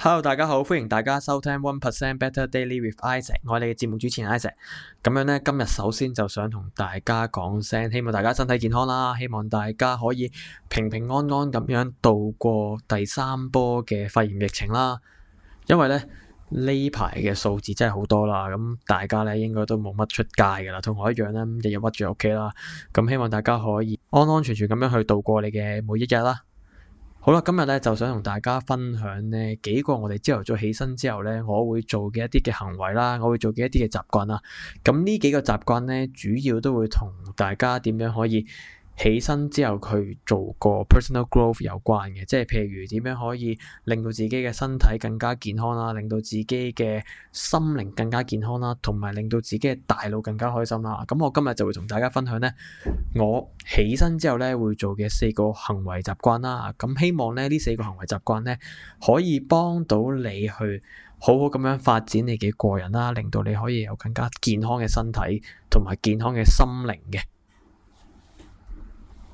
Hello，大家好，歡迎大家收聽 One Percent Better Daily with Isaac，我係你嘅節目主持人 Isaac。咁樣呢，今日首先就想同大家講聲，希望大家身體健康啦，希望大家可以平平安安咁樣度過第三波嘅肺炎疫情啦。因為呢呢排嘅數字真係好多啦，咁大家呢應該都冇乜出街噶啦，同我一樣呢，日日屈住屋企啦。咁希望大家可以安安全全咁樣去度過你嘅每一日啦。好啦，今日咧，就想同大家分享呢幾個我哋朝頭早起身之後咧，我會做嘅一啲嘅行為啦，我會做嘅一啲嘅習慣啦。咁呢幾個習慣咧，主要都會同大家點樣可以。起身之後，去做個 personal growth 有關嘅，即係譬如點樣可以令到自己嘅身體更加健康啦，令到自己嘅心靈更加健康啦，同埋令到自己嘅大腦更加開心啦。咁我今日就會同大家分享呢，我起身之後呢會做嘅四個行為習慣啦。咁希望呢呢四個行為習慣呢，可以幫到你去好好咁樣發展你嘅個人啦，令到你可以有更加健康嘅身體同埋健康嘅心靈嘅。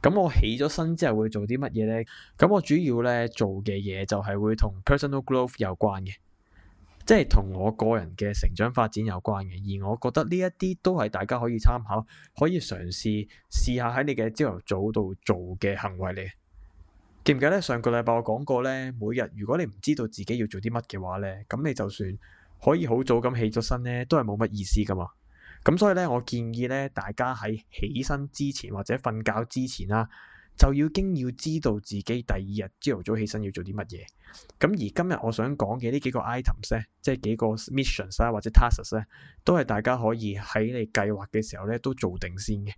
咁我起咗身之後會做啲乜嘢呢？咁我主要咧做嘅嘢就係會同 personal growth 有關嘅，即係同我個人嘅成長發展有關嘅。而我覺得呢一啲都係大家可以參考，可以嘗試試下喺你嘅朝頭早度做嘅行為嚟。記唔記得上個禮拜我講過呢？每日如果你唔知道自己要做啲乜嘅話呢，咁你就算可以好早咁起咗身呢，都係冇乜意思噶嘛。咁所以咧，我建議咧，大家喺起身之前或者瞓覺之前啦、啊，就已經要知道自己第二日朝頭早起身要做啲乜嘢。咁而今日我想講嘅呢幾個 items 咧，即係幾個 missions 啊或者 tasks 咧、啊，都係大家可以喺你計劃嘅時候咧都做定先嘅。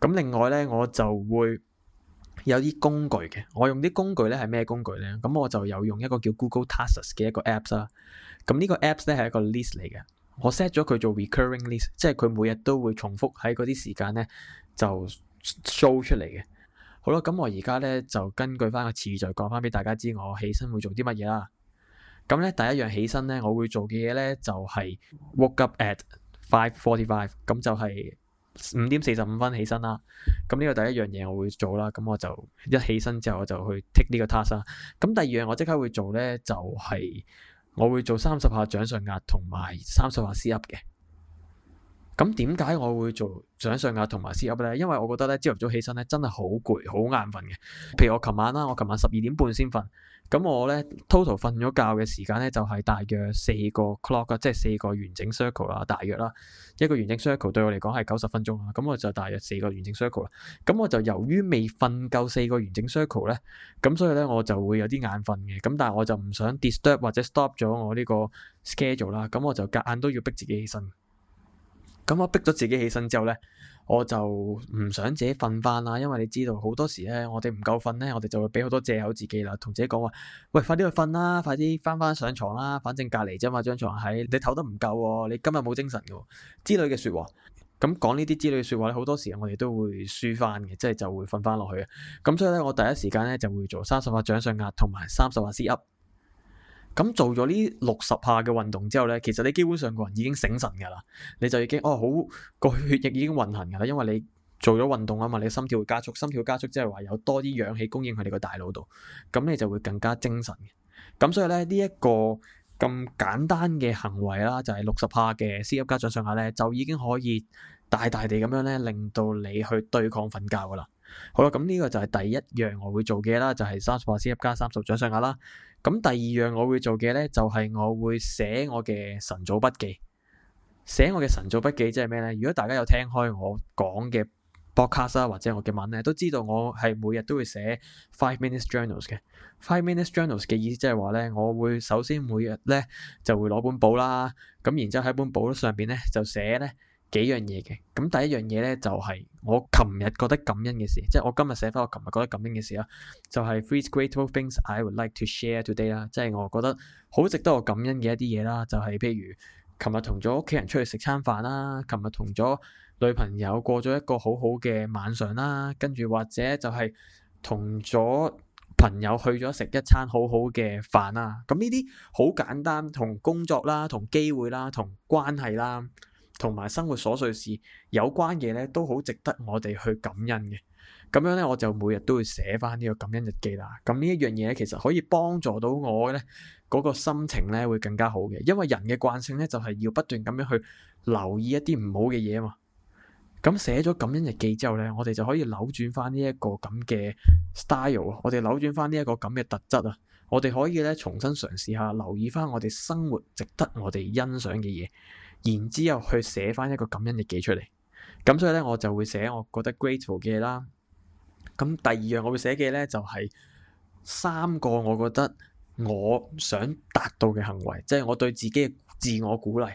咁另外咧，我就會有啲工具嘅。我用啲工具咧係咩工具咧？咁我就有用一個叫 Google Tasks 嘅一個 apps 啦、啊。咁呢個 apps 咧係一個 list 嚟嘅。我 set 咗佢做 recurring list，即係佢每日都會重複喺嗰啲時間咧就 show 出嚟嘅。好啦，咁我而家咧就根據翻個次序講翻俾大家知，我起身會做啲乜嘢啦。咁咧第一樣起身咧，我會做嘅嘢咧就係、是、woke up at five forty five，咁就係五點四十五分起身啦。咁呢個第一樣嘢我會做啦。咁我就一起身之後我就去 take 呢個 task 啦。咁第二樣我即刻會做咧就係、是。我會做三十下掌上壓同埋三十下 sit up 嘅，咁點解我會做掌上壓同埋 sit up 呢？因為我覺得咧朝頭早起身咧真係好攰好眼瞓嘅，譬如我琴晚啦，我琴晚十二點半先瞓。咁我咧 total 瞓咗覺嘅時間咧就係大約四個 clock 即係四個完整 circle 啊，大約啦。一個完整 circle 對我嚟講係九十分鐘啊，咁我就大約四個完整 circle 啦。咁我就由於未瞓夠四個完整 circle 咧，咁所以咧我就會有啲眼瞓嘅。咁但係我就唔想 disturb 或者 stop 咗我呢個 schedule 啦。咁我就夾硬都要逼自己起身。咁我逼咗自己起身之後咧。我就唔想自己瞓翻啦，因為你知道好多時咧，我哋唔夠瞓咧，我哋就會畀好多借口自己啦，同自己講話，喂，快啲去瞓啦，快啲翻翻上床啦，反正隔籬啫嘛，張床喺你唞得唔夠，你今日冇精神嘅之類嘅說話。咁講呢啲之類嘅說話咧，好多時我哋都會輸翻嘅，即係就會瞓翻落去。咁所以咧，我第一時間咧就會做三十下掌上壓同埋三十下 C up。咁做咗呢六十下嘅運動之後呢，其實你基本上個人已經醒神噶啦，你就已經哦好個血液已經運行噶啦，因為你做咗運動啊嘛，你心跳會加速，心跳加速即係話有多啲氧氣供應喺你個大腦度，咁你就會更加精神嘅。咁所以咧，呢一個咁簡單嘅行為啦，就係六十下嘅 CUP 加掌上壓呢，就已經可以大大地咁樣呢，令到你去對抗瞓覺噶啦。好啦，咁呢個就係第一樣我會做嘅嘢啦，就係三十下 CUP 加三十掌上壓啦。咁第二樣我會做嘅呢，就係我會寫我嘅晨早筆記，寫我嘅晨早筆記即係咩呢？如果大家有聽開我講嘅 podcast 啊或者我嘅文呢，都知道我係每日都會寫 five minutes journals 嘅。five minutes journals 嘅意思即係話呢，我會首先每日呢就會攞本簿啦，咁然之後喺本簿上邊呢，就寫呢。幾樣嘢嘅，咁第一樣嘢咧就係我琴日覺得感恩嘅事，即係我今日寫翻我琴日覺得感恩嘅事啦，就係 three great things I would like to share today 啦，即係我覺得好值得我感恩嘅一啲嘢啦，就係譬如琴日同咗屋企人出去食餐飯啦，琴日同咗女朋友過咗一個好好嘅晚上啦，跟住或者就係同咗朋友去咗食一餐好好嘅飯啦，咁呢啲好簡單，同工作啦、同機會啦、同關係啦。同埋生活瑣碎事有關嘅嘢咧，都好值得我哋去感恩嘅。咁樣咧，我就每日都會寫翻呢個感恩日記啦。咁呢一樣嘢其實可以幫助到我嘅咧，個心情咧會更加好嘅。因為人嘅慣性咧，就係要不斷咁樣去留意一啲唔好嘅嘢啊嘛。咁寫咗感恩日記之後咧，我哋就可以扭轉翻呢一個咁嘅 style，我哋扭轉翻呢一個咁嘅特質啊。我哋可以咧重新嘗試下，留意翻我哋生活值得我哋欣賞嘅嘢，然之後去寫翻一個感恩日記出嚟。咁所以咧，我就會寫我覺得 grateful 嘅嘢啦。咁第二樣我會寫嘅咧就係、是、三個我覺得我想達到嘅行為，即、就、係、是、我對自己嘅自我鼓勵。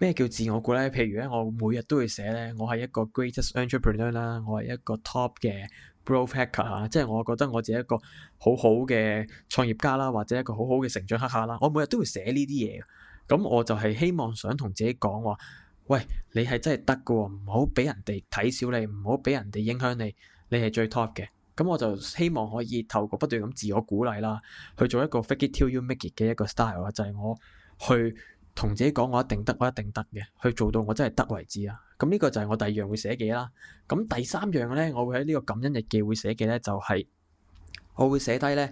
咩叫自我鼓勵？譬如咧，我每日都會寫咧，我係一個 greatest entrepreneur 啦，我係一個 top 嘅。Growth hacker 即係我覺得我自己一個好好嘅創業家啦，或者一個好好嘅成長黑客啦。我每日都會寫呢啲嘢，咁我就係希望想同自己講喎，喂，你係真係得嘅，唔好俾人哋睇小你，唔好俾人哋影響你，你係最 top 嘅。咁我就希望可以透過不斷咁自我鼓勵啦，去做一個 “fake it till you make it” 的一個 style 啊，就係我去。同自己講，我一定得，我一定得嘅，去做到我真係得為止啊。咁呢個就係我第二樣會寫嘅啦。咁第三樣呢，我會喺呢個感恩日記會寫嘅呢，就係我會寫低呢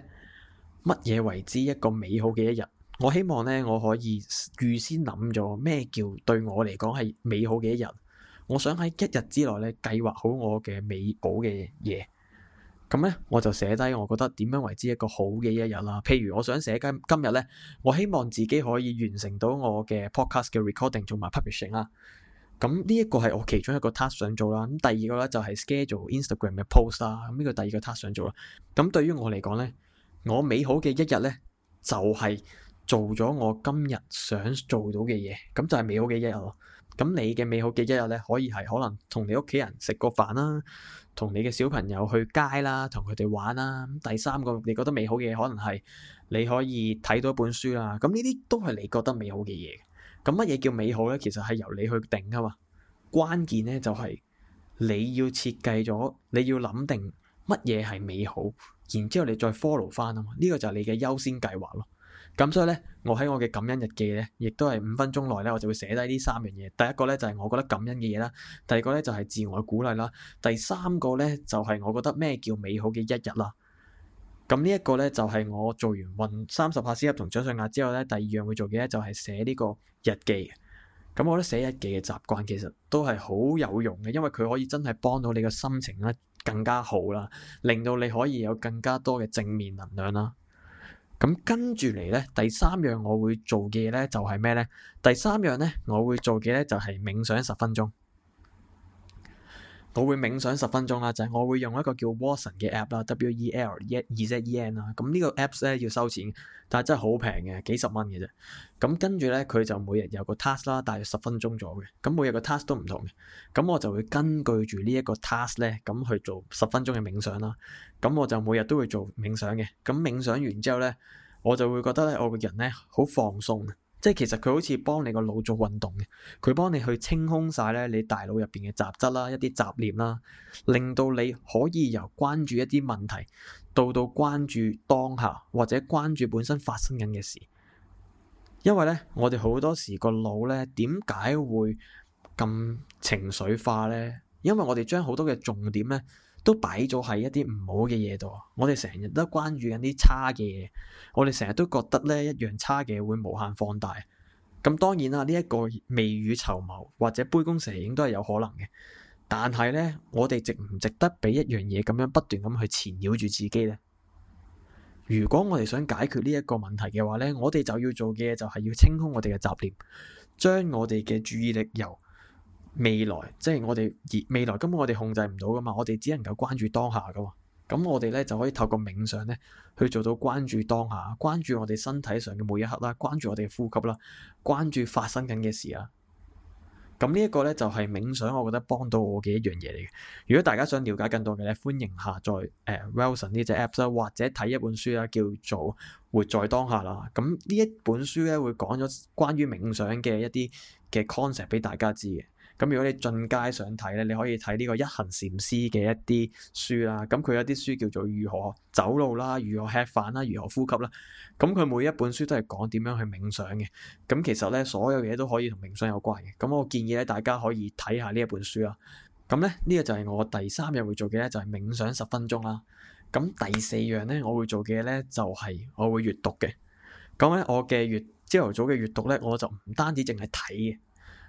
乜嘢為之一個美好嘅一日。我希望呢，我可以預先諗咗咩叫對我嚟講係美好嘅一日。我想喺一日之內呢計劃好我嘅美好嘅嘢。咁咧，我就寫低，我覺得點樣為之一個好嘅一日啦。譬如我想寫今今日咧，我希望自己可以完成到我嘅 podcast 嘅 recording，做埋 publishing 啦。咁呢一個係我其中一個 task 想做啦。咁第二個咧就係 schedule Instagram 嘅 post 啦。咁、嗯、呢、這個第二個 task 想做啦。咁、嗯、對於我嚟講咧，我美好嘅一日咧就係、是、做咗我今日想做到嘅嘢，咁、嗯、就係、是、美好嘅一日咯。咁你嘅美好嘅一日咧，可以係可能同你屋企人食個飯啦，同你嘅小朋友去街啦，同佢哋玩啦。第三個，你覺得美好嘅嘢可能係你可以睇到一本書啦。咁呢啲都係你覺得美好嘅嘢。咁乜嘢叫美好咧？其實係由你去定㗎嘛。關鍵咧就係你要設計咗，你要諗定乜嘢係美好，然之後你再 follow 翻啊嘛。呢個就係你嘅優先計劃咯。咁所以呢，我喺我嘅感恩日記呢，亦都係五分鐘內呢，我就會寫低呢三樣嘢。第一個呢，就係我覺得感恩嘅嘢啦，第二個呢，就係自我鼓勵啦，第三個呢，就係我覺得咩叫美好嘅一日啦。咁呢一個呢，就係我做完運三十下深吸同掌上壓之後呢，第二樣會做嘅呢，就係寫呢個日記。咁我覺得寫日記嘅習慣其實都係好有用嘅，因為佢可以真係幫到你嘅心情呢更加好啦，令到你可以有更加多嘅正面能量啦。咁跟住嚟咧，第三樣我會做嘅嘢咧就係咩咧？第三樣咧，我會做嘅咧就係冥想十分鐘。我會冥想十分鐘啦，就係我會用一個叫 Watson 嘅 app 啦，W E L E Z E N 啦。咁呢個 apps 咧要收錢，但係真係好平嘅，幾十蚊嘅啫。咁跟住咧，佢就每日有個 task 啦，大約十分鐘左右嘅。咁每日個 task 都唔同嘅，咁我就會根據住呢一個 task 咧咁去做十分鐘嘅冥想啦。咁我就每日都會做冥想嘅。咁冥想完之後咧，我就會覺得咧我個人咧好放鬆。即係其實佢好似幫你個腦做運動嘅，佢幫你去清空晒咧你大腦入邊嘅雜質啦，一啲雜念啦，令到你可以由關注一啲問題，到到關注當下或者關注本身發生緊嘅事。因為咧，我哋好多時個腦咧，點解會咁情緒化咧？因為我哋將好多嘅重點咧。都擺咗喺一啲唔好嘅嘢度，我哋成日都關注緊啲差嘅嘢，我哋成日都覺得呢一樣差嘅會無限放大。咁當然啦，呢一個未雨綢繆或者杯弓蛇影都係有可能嘅，但係呢，我哋值唔值得俾一樣嘢咁樣不斷咁去纏繞住自己呢？如果我哋想解決呢一個問題嘅話呢，我哋就要做嘅嘢就係要清空我哋嘅雜念，將我哋嘅注意力由。未來即係我哋未來根本我哋控制唔到噶嘛。我哋只能夠關注當下噶嘛。咁我哋咧就可以透過冥想咧去做到關注當下，關注我哋身體上嘅每一刻啦，關注我哋呼吸啦，關注發生緊嘅事啦。咁呢一個咧就係、是、冥想，我覺得幫到我嘅一樣嘢嚟嘅。如果大家想了解更多嘅咧，歡迎下載誒、呃、Wilson、well、呢隻 app 啦，或者睇一本書啦，叫做《活在當下》啦。咁呢一本書咧會講咗關於冥想嘅一啲嘅 concept 俾大家知嘅。咁如果你進階想睇咧，你可以睇呢個一行禪師嘅一啲書啦。咁佢有啲書叫做如何走路啦、如何吃飯啦、如何呼吸啦。咁佢每一本書都係講點樣去冥想嘅。咁其實咧，所有嘢都可以同冥想有關嘅。咁我建議咧，大家可以睇下呢一本書啦。咁咧，呢個就係我第三樣會做嘅咧，就係冥想十分鐘啦。咁第四樣咧，我會做嘅咧就係我會閱讀嘅。咁咧，我嘅閲朝頭早嘅閲讀咧，我就唔單止淨係睇嘅。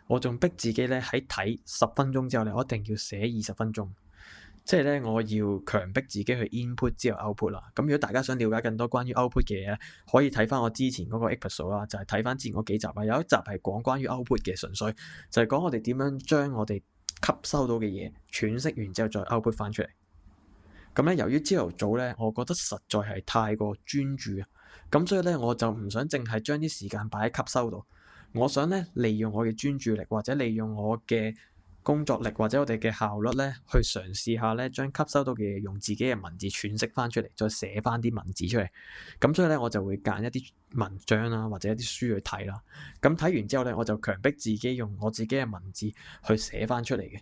我仲逼自己咧，喺睇十分鐘之後咧，我一定要寫二十分鐘，即係咧我要強迫自己去 input 之後 output 啦。咁如果大家想了解更多關於 output 嘅嘢，可以睇翻我之前嗰個 episode 啦，就係睇翻之前嗰幾集啊。有一集係講關於 output 嘅，純粹就係講我哋點樣將我哋吸收到嘅嘢喘息完之後再 output 翻出嚟。咁咧，由於朝頭早咧，我覺得實在係太過專注啊，咁所以咧我就唔想淨係將啲時間擺喺吸收度。我想咧利用我嘅專注力，或者利用我嘅工作力，或者我哋嘅效率咧，去嘗試下咧，將吸收到嘅嘢用自己嘅文字詮釋翻出嚟，再寫翻啲文字出嚟。咁所以咧，我就會揀一啲文章啦，或者一啲書去睇啦。咁睇完之後咧，我就強迫自己用我自己嘅文字去寫翻出嚟嘅。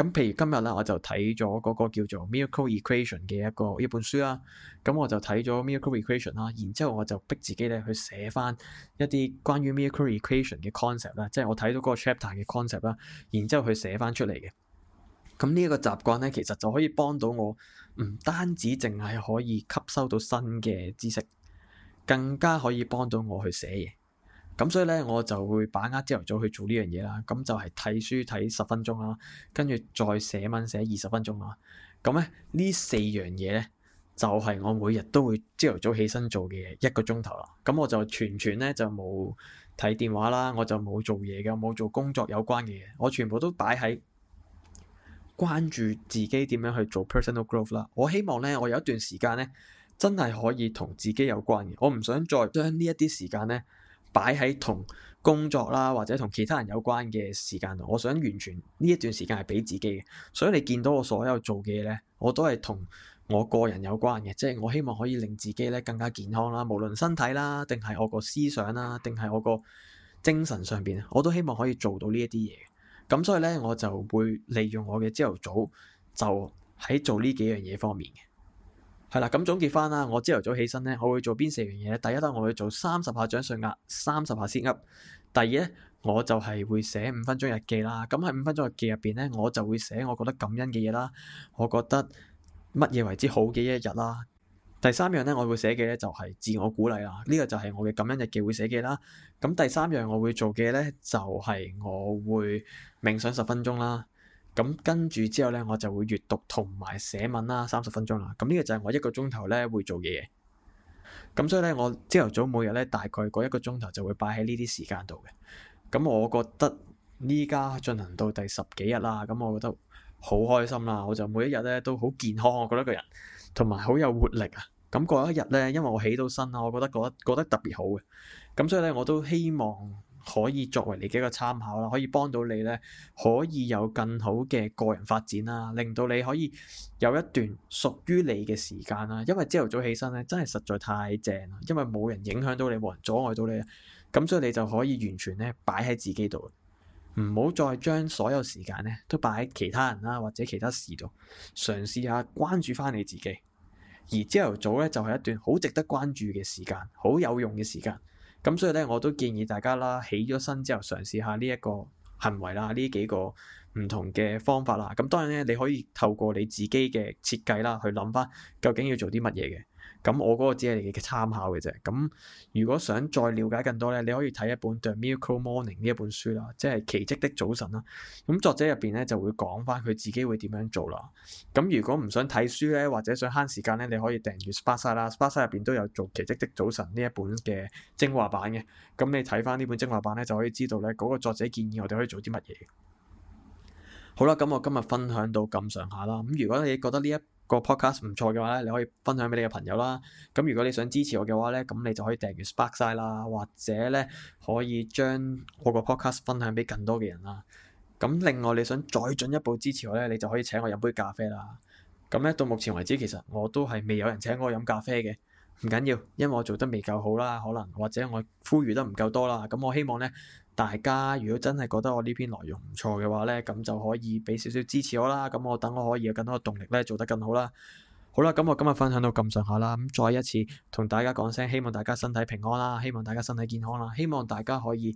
咁譬如今日咧，我就睇咗嗰個叫做《Miracle Equation》嘅一個一本書啦。咁我就睇咗《Miracle Equation》啦，然之後我就逼自己咧去寫翻一啲關於《Miracle Equation》嘅 concept 啦，即係我睇到嗰個 chapter 嘅 concept 啦，然之後去寫翻出嚟嘅。咁呢一個習慣咧，其實就可以幫到我唔單止淨係可以吸收到新嘅知識，更加可以幫到我去寫嘢。咁所以咧，我就會把握朝頭早去做呢樣嘢啦。咁就係睇書睇十分鐘啦，跟住再寫文寫二十分鐘啦。咁咧呢四樣嘢咧，就係我每日都會朝頭早起身做嘅一個鐘頭啦。咁我就全全咧就冇睇電話啦，我就冇做嘢嘅，冇做工作有關嘅嘢，我全部都擺喺關注自己點樣去做 personal growth 啦。我希望咧，我有一段時間咧真係可以同自己有關嘅。我唔想再將呢一啲時間咧，擺喺同工作啦，或者同其他人有關嘅時間度，我想完全呢一段時間係俾自己嘅。所以你見到我所有做嘅嘢呢，我都係同我個人有關嘅，即係我希望可以令自己呢更加健康啦，無論身體啦，定係我個思想啦，定係我個精神上邊，我都希望可以做到呢一啲嘢。咁所以呢，我就會利用我嘅朝頭早就喺做呢幾樣嘢方面嘅。係啦，咁總結翻啦，我朝頭早起身咧，我會做邊四樣嘢？第一咧，我會做三十下掌上壓，三十下先噏。第二咧，我就係會寫五分鐘日記啦。咁喺五分鐘日記入邊咧，我就會寫我覺得感恩嘅嘢啦，我覺得乜嘢為之好嘅一日啦。第三樣咧，我會寫嘅咧就係自我鼓勵啦。呢個就係我嘅感恩日記會寫嘅啦。咁第三樣我會做嘅咧就係我會冥想十分鐘啦。咁跟住之後呢，我就會閱讀同埋寫文啦，三十分鐘啦。咁呢個就係我一個鐘頭呢會做嘅嘢。咁所以呢，我朝頭早每日呢，大概嗰一個鐘頭就會擺喺呢啲時間度嘅。咁我覺得呢家進行到第十幾日啦，咁我覺得好開心啦。我就每一日呢都好健康，我覺得個人同埋好有活力啊。咁過一日呢，因為我起到身啦，我覺得覺得覺得特別好嘅。咁所以呢，我都希望，可以作為你嘅一個參考啦，可以幫到你咧，可以有更好嘅個人發展啦，令到你可以有一段屬於你嘅時間啦。因為朝頭早起身咧，真係實在太正啦，因為冇人影響到你，冇人阻礙到你，咁所以你就可以完全咧擺喺自己度，唔好再將所有時間咧都擺喺其他人啦或者其他事度，嘗試下關注返你自己。而朝頭早咧就係一段好值得關注嘅時間，好有用嘅時間。咁所以咧，我都建議大家啦，起咗身之後嘗試下呢一個行為啦，呢幾個唔同嘅方法啦。咁當然咧，你可以透過你自己嘅設計啦，去諗翻究竟要做啲乜嘢嘅。咁我嗰個只係你嘅參考嘅啫。咁如果想再了解更多呢，你可以睇一本《The Miracle Morning》呢一本書啦，即係《奇蹟的早晨》啦。咁作者入邊呢就會講翻佢自己會點樣做啦。咁如果唔想睇書呢，或者想慳時間呢，你可以訂閱 Spasa 啦。Spasa 入邊都有做《奇蹟的早晨》呢一本嘅精華版嘅。咁你睇翻呢本精華版呢，就可以知道呢嗰個作者建議我哋可以做啲乜嘢。好啦，咁我今日分享到咁上下啦。咁如果你覺得呢一，個 podcast 唔錯嘅話咧，你可以分享俾你嘅朋友啦。咁如果你想支持我嘅話咧，咁你就可以訂閱 Spark 晒啦，或者咧可以將我個 podcast 分享俾更多嘅人啦。咁另外你想再進一步支持我咧，你就可以請我飲杯咖啡啦。咁咧到目前為止其實我都係未有人請我飲咖啡嘅，唔緊要，因為我做得未夠好啦，可能或者我呼籲得唔夠多啦。咁我希望咧。大家如果真係覺得我呢篇內容唔錯嘅話呢，咁就可以俾少少支持我啦。咁我等我可以有更多嘅動力呢，做得更好啦。好啦，咁我今日分享到咁上下啦。咁再一次同大家講聲，希望大家身體平安啦，希望大家身體健康啦，希望大家可以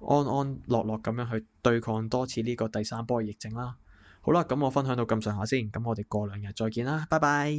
安安樂樂咁樣去對抗多次呢個第三波疫症啦。好啦，咁我分享到咁上下先。咁我哋過兩日再見啦，拜拜。